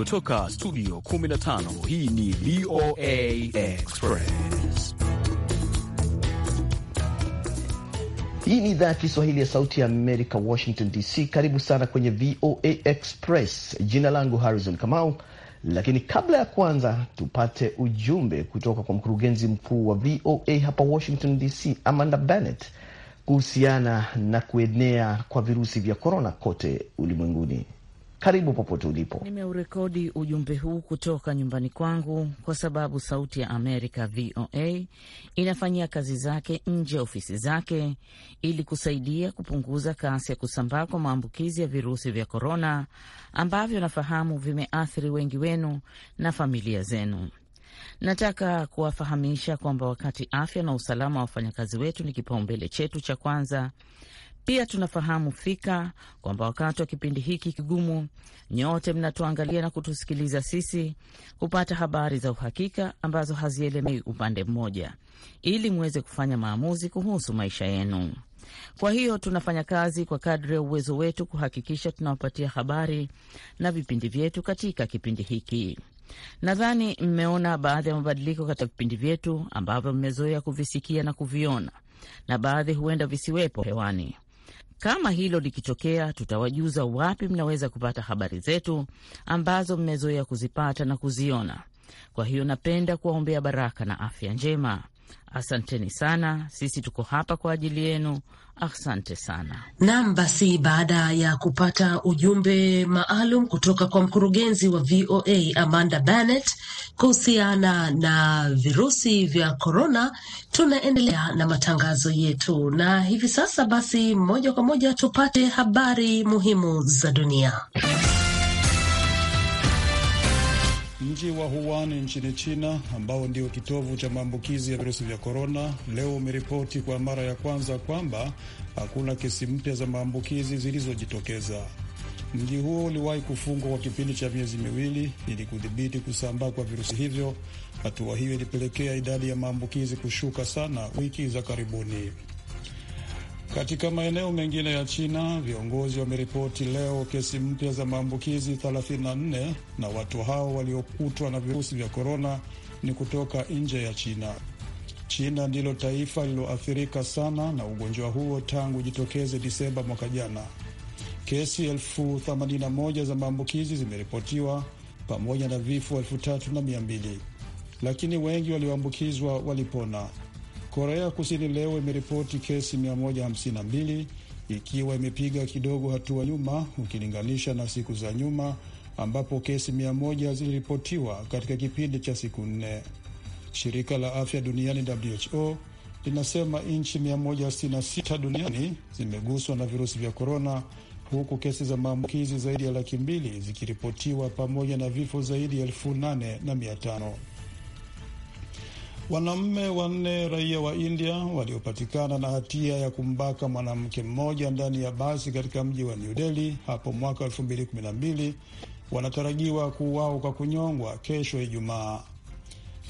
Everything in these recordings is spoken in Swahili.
Kutoka studio 15 hii ni VOA Express. Hii ni idhaa ya Kiswahili ya Sauti ya Amerika, Washington DC. Karibu sana kwenye VOA Express. Jina langu Harrison Kamau, lakini kabla ya kwanza tupate ujumbe kutoka kwa mkurugenzi mkuu wa VOA hapa Washington DC, Amanda Bennett, kuhusiana na kuenea kwa virusi vya korona kote ulimwenguni karibu popote ulipo. Nimeurekodi ujumbe huu kutoka nyumbani kwangu kwa sababu Sauti ya Amerika VOA inafanyia kazi zake nje ya ofisi zake ili kusaidia kupunguza kasi ya kusambaa kwa maambukizi ya virusi vya korona ambavyo nafahamu vimeathiri wengi wenu na familia zenu. Nataka kuwafahamisha kwamba wakati afya na usalama wa wafanyakazi wetu ni kipaumbele chetu cha kwanza, pia tunafahamu fika kwamba wakati wa kipindi hiki kigumu, nyote mnatuangalia na kutusikiliza sisi kupata habari za uhakika ambazo hazielemei upande mmoja, ili mweze kufanya maamuzi kuhusu maisha yenu. Kwa hiyo tunafanya kazi kwa kadri ya uwezo wetu kuhakikisha tunawapatia habari na vipindi vyetu katika kipindi hiki. Nadhani mmeona baadhi ya mabadiliko katika vipindi vyetu ambavyo mmezoea kuvisikia na kuviona, na baadhi huenda visiwepo hewani. Kama hilo likitokea, tutawajuza wapi mnaweza kupata habari zetu ambazo mmezoea kuzipata na kuziona. Kwa hiyo napenda kuwaombea baraka na afya njema. Asanteni sana, sisi tuko hapa kwa ajili yenu. Asante sana. Naam, basi baada ya kupata ujumbe maalum kutoka kwa mkurugenzi wa VOA Amanda Bennett kuhusiana na virusi vya korona, tunaendelea na matangazo yetu, na hivi sasa basi moja kwa moja tupate habari muhimu za dunia. Mji wa Wuhan nchini China, ambao ndio kitovu cha maambukizi ya virusi vya korona, leo umeripoti kwa mara ya kwanza kwamba hakuna kesi mpya za maambukizi zilizojitokeza. Mji huo uliwahi kufungwa kwa kipindi cha miezi miwili ili kudhibiti kusambaa kwa virusi hivyo. Hatua hiyo ilipelekea idadi ya maambukizi kushuka sana wiki za karibuni. Katika maeneo mengine ya China, viongozi wameripoti leo kesi mpya za maambukizi 34 na watu hao waliokutwa na virusi vya korona ni kutoka nje ya China. China ndilo taifa lililoathirika sana na ugonjwa huo tangu jitokeze Disemba mwaka jana. Kesi 81 za maambukizi zimeripotiwa pamoja na vifo elfu lakini wengi walioambukizwa walipona. Korea Kusini leo imeripoti kesi 152 ikiwa imepiga kidogo hatua nyuma ukilinganisha na siku za nyuma ambapo kesi 100 ziliripotiwa katika kipindi cha siku nne. Shirika la afya duniani WHO linasema nchi 166 duniani zimeguswa na virusi vya korona, huku kesi za maambukizi zaidi ya laki mbili zikiripotiwa pamoja na vifo zaidi ya elfu nane na mia tano. Wanaume wanne raia wa India waliopatikana na hatia ya kumbaka mwanamke mmoja ndani ya basi katika mji wa New Delhi hapo mwaka 2012 wanatarajiwa kuuawa kwa kunyongwa kesho Ijumaa.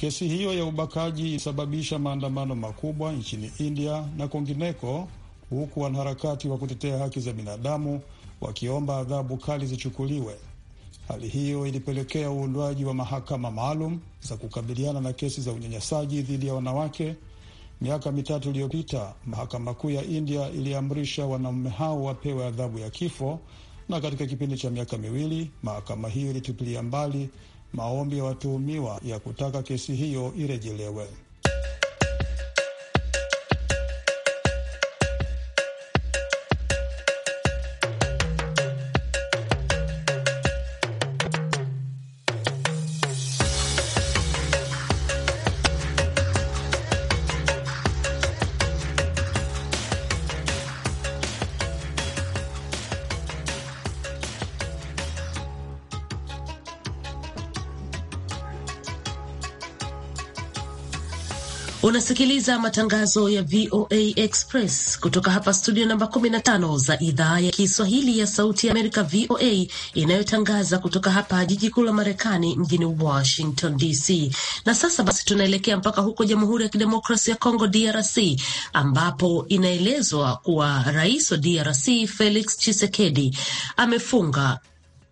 Kesi hiyo ya ubakaji ilisababisha maandamano makubwa nchini India na kwingineko, huku wanaharakati wa kutetea haki za binadamu wakiomba adhabu kali zichukuliwe Hali hiyo ilipelekea uundwaji wa mahakama maalum za kukabiliana na kesi za unyanyasaji dhidi ya wanawake. Miaka mitatu iliyopita, mahakama kuu ya India iliamrisha wanaume hao wapewe adhabu ya kifo, na katika kipindi cha miaka miwili mahakama hiyo ilitupilia mbali maombi ya watuhumiwa ya kutaka kesi hiyo irejelewe. Unasikiliza matangazo ya VOA Express kutoka hapa studio namba 15 za idhaa ya Kiswahili ya Sauti ya Amerika, VOA, inayotangaza kutoka hapa jiji kuu la Marekani, mjini Washington DC. Na sasa basi, tunaelekea mpaka huko Jamhuri ya Kidemokrasia ya Congo, DRC, ambapo inaelezwa kuwa rais wa DRC Felix Tshisekedi amefunga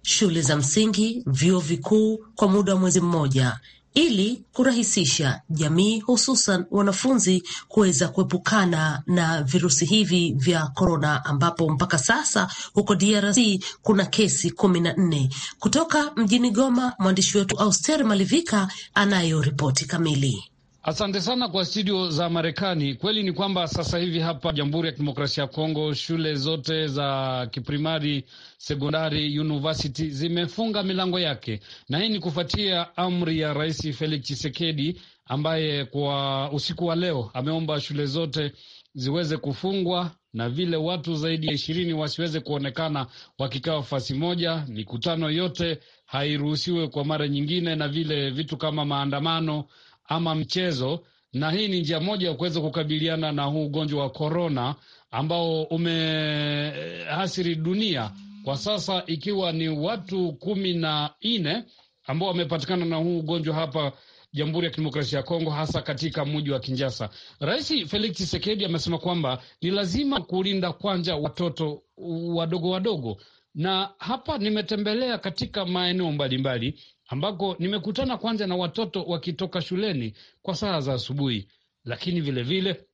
shule za msingi, vyuo vikuu kwa muda wa mwezi mmoja ili kurahisisha jamii, hususan wanafunzi kuweza kuepukana na virusi hivi vya korona, ambapo mpaka sasa huko DRC kuna kesi kumi na nne. Kutoka mjini Goma, mwandishi wetu Auster Malivika anayo ripoti kamili. Asante sana kwa studio za Marekani. Kweli ni kwamba sasa hivi hapa Jamhuri ya Kidemokrasia ya Kongo shule zote za kiprimari, sekondari, university zimefunga milango yake, na hii ni kufuatia amri ya Rais Felix Tshisekedi ambaye kwa usiku wa leo ameomba shule zote ziweze kufungwa na vile watu zaidi ya ishirini wasiweze kuonekana wakikaa fasi moja. Mikutano yote hairuhusiwe kwa mara nyingine, na vile vitu kama maandamano ama mchezo, na hii ni njia moja ya kuweza kukabiliana na huu ugonjwa wa korona ambao umeathiri dunia kwa sasa, ikiwa ni watu kumi na nne ambao wamepatikana na huu ugonjwa hapa Jamhuri ya Kidemokrasia ya Kongo, hasa katika mji wa kinjasa Rais Felix Tshisekedi amesema kwamba ni lazima kulinda kwanza watoto wadogo wadogo, na hapa nimetembelea katika maeneo mbalimbali ambako nimekutana kwanza na watoto wakitoka shuleni kwa saa za asubuhi, lakini vilevile vile,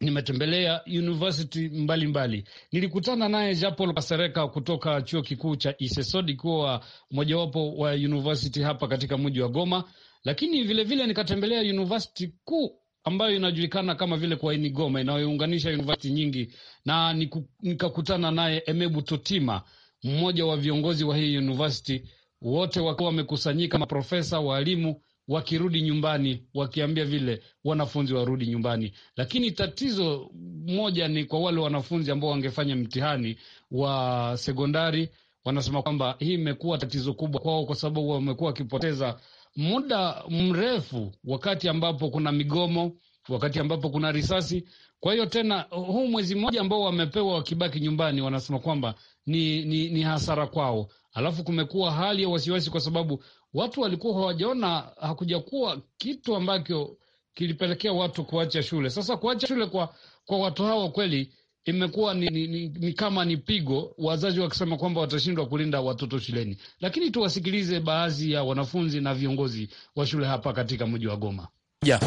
nimetembelea university mbalimbali mbali. Nilikutana naye Japol Kasereka kutoka chuo kikuu cha Isesodi kuwa mojawapo wa university hapa katika mji wa Goma, lakini vilevile vile nikatembelea university kuu ambayo inajulikana kama vile kwa ini Goma inayounganisha university nyingi na niku, nikakutana naye Emebu Totima, mmoja wa viongozi wa hii university wote wakiwa wamekusanyika, maprofesa, waalimu wakirudi nyumbani, wakiambia vile wanafunzi warudi nyumbani. Lakini tatizo moja ni kwa wale wanafunzi ambao wangefanya mtihani wa sekondari, wanasema kwamba hii imekuwa tatizo kubwa kwao, kwa sababu wamekuwa wakipoteza muda mrefu, wakati ambapo kuna migomo, wakati ambapo kuna risasi. Kwa hiyo tena huu mwezi mmoja ambao wamepewa wakibaki nyumbani, wanasema kwamba ni, ni, ni hasara kwao. Alafu kumekuwa hali ya wasiwasi, kwa sababu watu walikuwa hawajaona, hakujakuwa kitu ambacho kilipelekea watu kuacha shule. Sasa kuacha shule kwa, kwa watu hawa kweli imekuwa ni, ni, ni, ni kama ni pigo, wazazi wakisema kwamba watashindwa kulinda watoto shuleni. Lakini tuwasikilize baadhi ya wanafunzi na viongozi wa shule hapa katika mji wa Goma. Yeah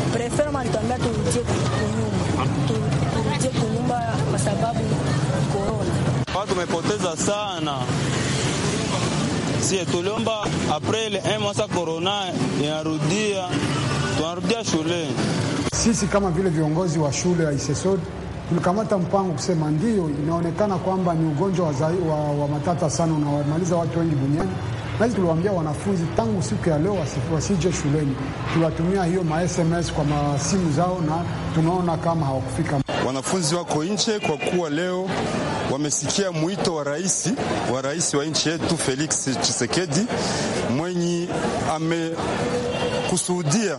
watu tumepoteza sana. Sie tuliomba aprele eh, mwasa korona inarudia, tunarudia shule. Sisi kama vile viongozi wa shule ya Isesod tulikamata mpango kusema ndiyo, inaonekana kwamba ni ugonjwa wa, wa, wa matata sana unawamaliza watu wengi duniani nasi tuliwaambia wanafunzi tangu siku ya leo wasije shuleni, tuliwatumia hiyo ma SMS kwa masimu zao, na tunaona kama hawakufika. Wanafunzi wako nje kwa kuwa leo wamesikia mwito wa rais wa rais wa nchi yetu Felix Tshisekedi mwenye amekusudia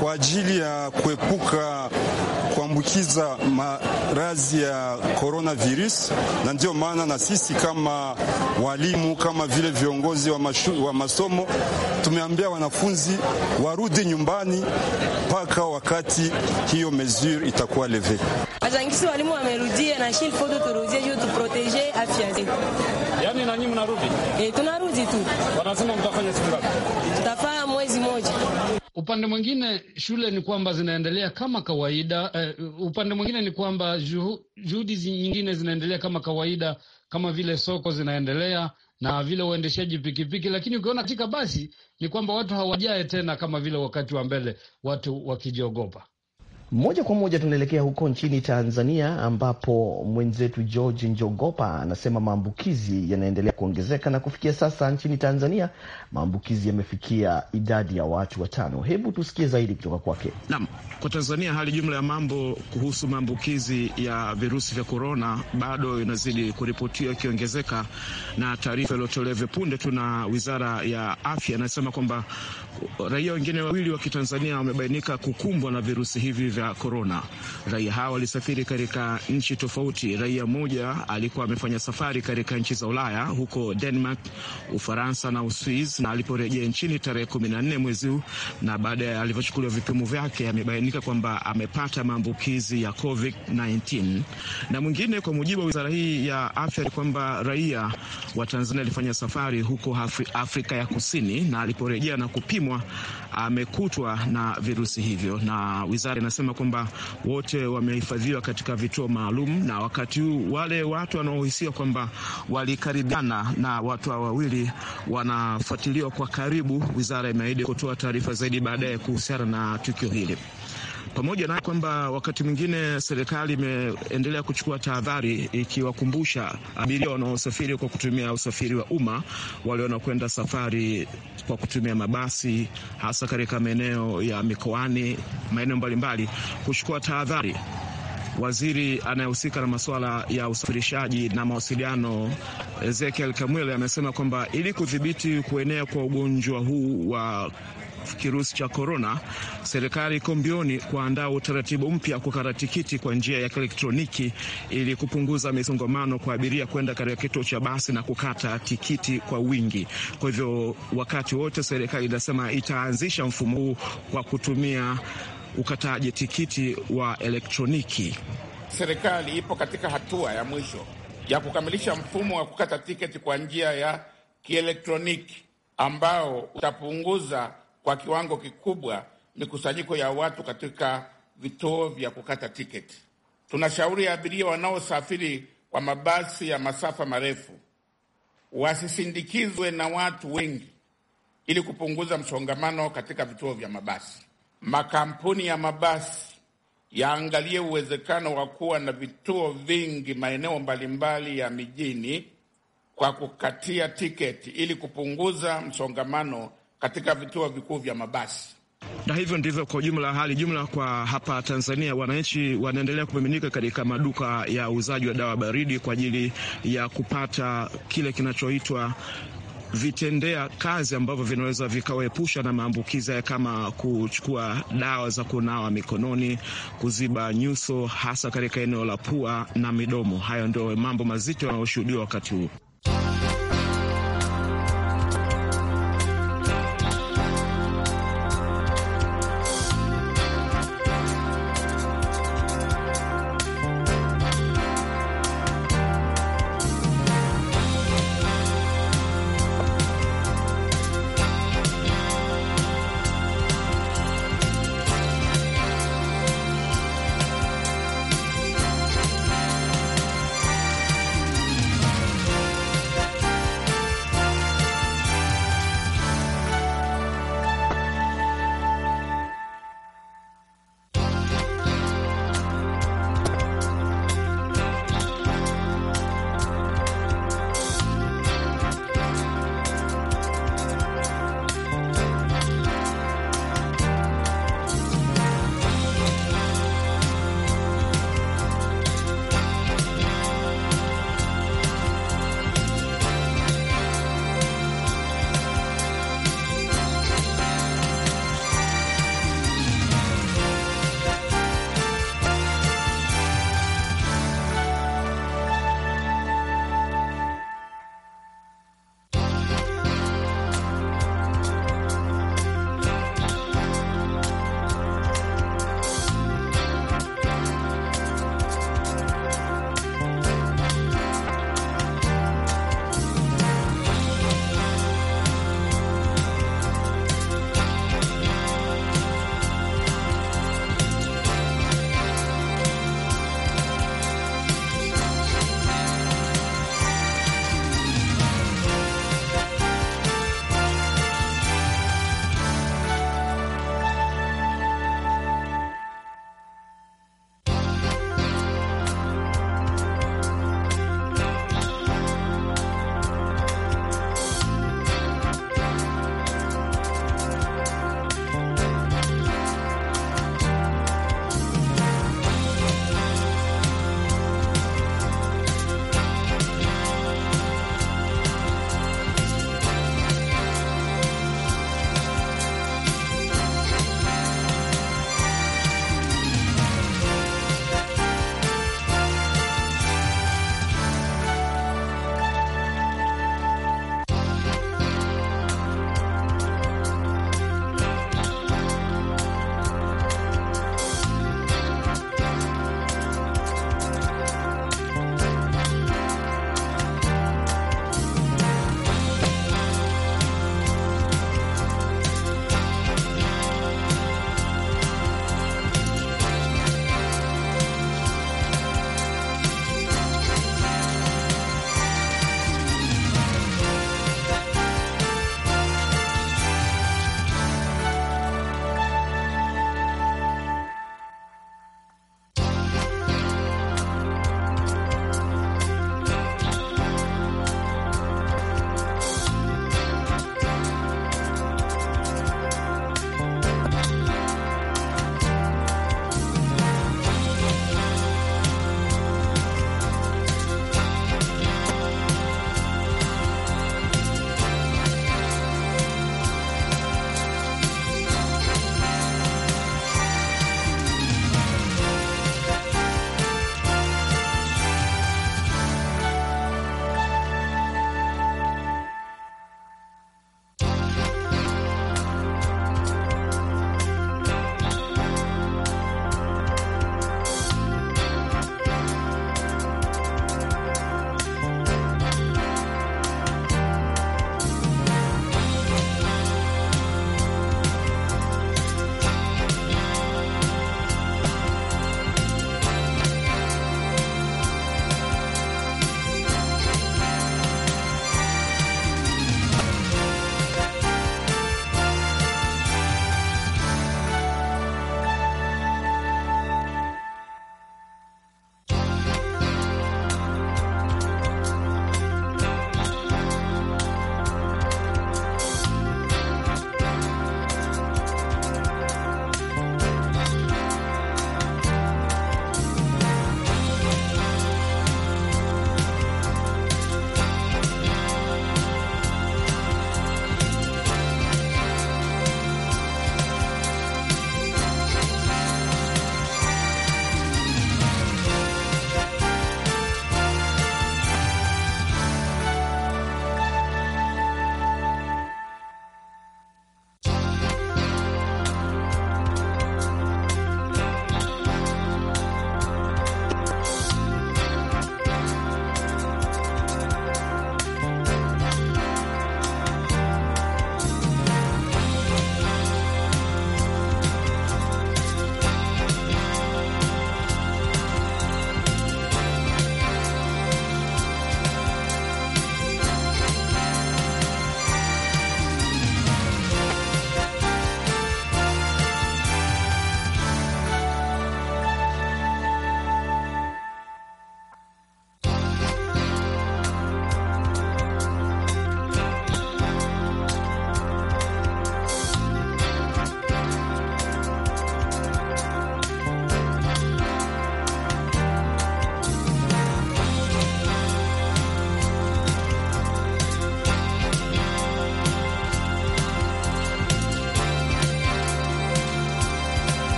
kwa ajili ya kuepuka kuambukiza marazi ya coronavirus, na ndio maana na sisi kama walimu kama vile viongozi wa, mashu, wa masomo tumeambia wanafunzi warudi nyumbani mpaka wakati hiyo mesure itakuwa leve. walimu wamerudia na shil foto turudie juu tuproteje afya zetu. Yani mnarudi? Eh, tunarudi tu. Wanasema mtafanya siku ngapi? Upande mwingine shule ni kwamba zinaendelea kama kawaida. Uh, upande mwingine ni kwamba juhudi nyingine zinaendelea kama kawaida, kama vile soko zinaendelea na vile uendeshaji pikipiki, lakini ukiona katika basi ni kwamba watu hawajae tena kama vile wakati wa mbele, watu wakijiogopa. Moja kwa moja tunaelekea huko nchini Tanzania, ambapo mwenzetu George Njogopa anasema maambukizi yanaendelea kuongezeka na kufikia sasa nchini Tanzania maambukizi yamefikia idadi ya watu watano. Hebu tusikie zaidi kutoka kwake. Naam, kwa Tanzania hali jumla ya mambo kuhusu maambukizi ya virusi vya korona bado inazidi kuripotiwa ikiongezeka, na taarifa iliyotolewa hivi punde tu na wizara ya afya inasema kwamba raia wengine wawili wa Kitanzania wamebainika kukumbwa na virusi hivi vya cha korona. Raia hawa walisafiri katika nchi tofauti. Raia mmoja alikuwa amefanya safari katika nchi za Ulaya, huko Denmark, Ufaransa na Uswiz, na aliporejea nchini tarehe kumi na nne mwezi huu, na baada ya alivyochukuliwa vipimo vyake amebainika kwamba amepata maambukizi ya COVID-19. Na mwingine kwa mujibu wa wizara hii ya afya ni kwamba raia wa Tanzania alifanya safari huko Afri, Afrika ya Kusini na aliporejea na kupimwa amekutwa na virusi hivyo, na wizara inasema kwamba wote wamehifadhiwa katika vituo maalum, na wakati huu wale watu wanaohisia kwamba walikaribiana na watu hao wawili wanafuatiliwa kwa karibu. Wizara imeahidi kutoa taarifa zaidi baadaye kuhusiana na tukio hili pamoja na kwamba wakati mwingine serikali imeendelea kuchukua tahadhari ikiwakumbusha abiria wanaosafiri kwa kutumia usafiri wa umma wale wanaokwenda safari kwa kutumia mabasi hasa katika maeneo ya mikoani, maeneo mbalimbali kuchukua tahadhari. Waziri anayehusika na masuala ya usafirishaji na mawasiliano Ezekiel Kamwele amesema kwamba ili kudhibiti kuenea kwa ugonjwa huu wa kirusi cha korona, serikali iko mbioni kuandaa utaratibu mpya kukata tikiti kwa njia ya kielektroniki ili kupunguza misongamano kwa abiria kwenda katika kituo cha basi na kukata tikiti kwa wingi. Kwa hivyo, wakati wote serikali inasema itaanzisha mfumo huu kwa kutumia ukataji tikiti wa elektroniki. Serikali ipo katika hatua ya mwisho ya kukamilisha mfumo wa kukata tiketi kwa njia ya kielektroniki ambao utapunguza kwa kiwango kikubwa mikusanyiko ya watu katika vituo vya kukata tiketi. Tunashauri abiria wanaosafiri kwa mabasi ya masafa marefu wasisindikizwe na watu wengi ili kupunguza msongamano katika vituo vya mabasi. Makampuni ya mabasi yaangalie uwezekano wa kuwa na vituo vingi maeneo mbalimbali ya mijini kwa kukatia tiketi ili kupunguza msongamano katika vituo vikuu vya mabasi na hivyo ndivyo kwa ujumla hali jumla kwa hapa Tanzania, wananchi wanaendelea kumiminika katika maduka ya uuzaji wa dawa baridi kwa ajili ya kupata kile kinachoitwa vitendea kazi ambavyo vinaweza vikawaepusha na maambukizi kama kuchukua dawa za kunawa mikononi, kuziba nyuso, hasa katika eneo la pua na midomo. Hayo ndio mambo mazito yanayoshuhudiwa wakati huu.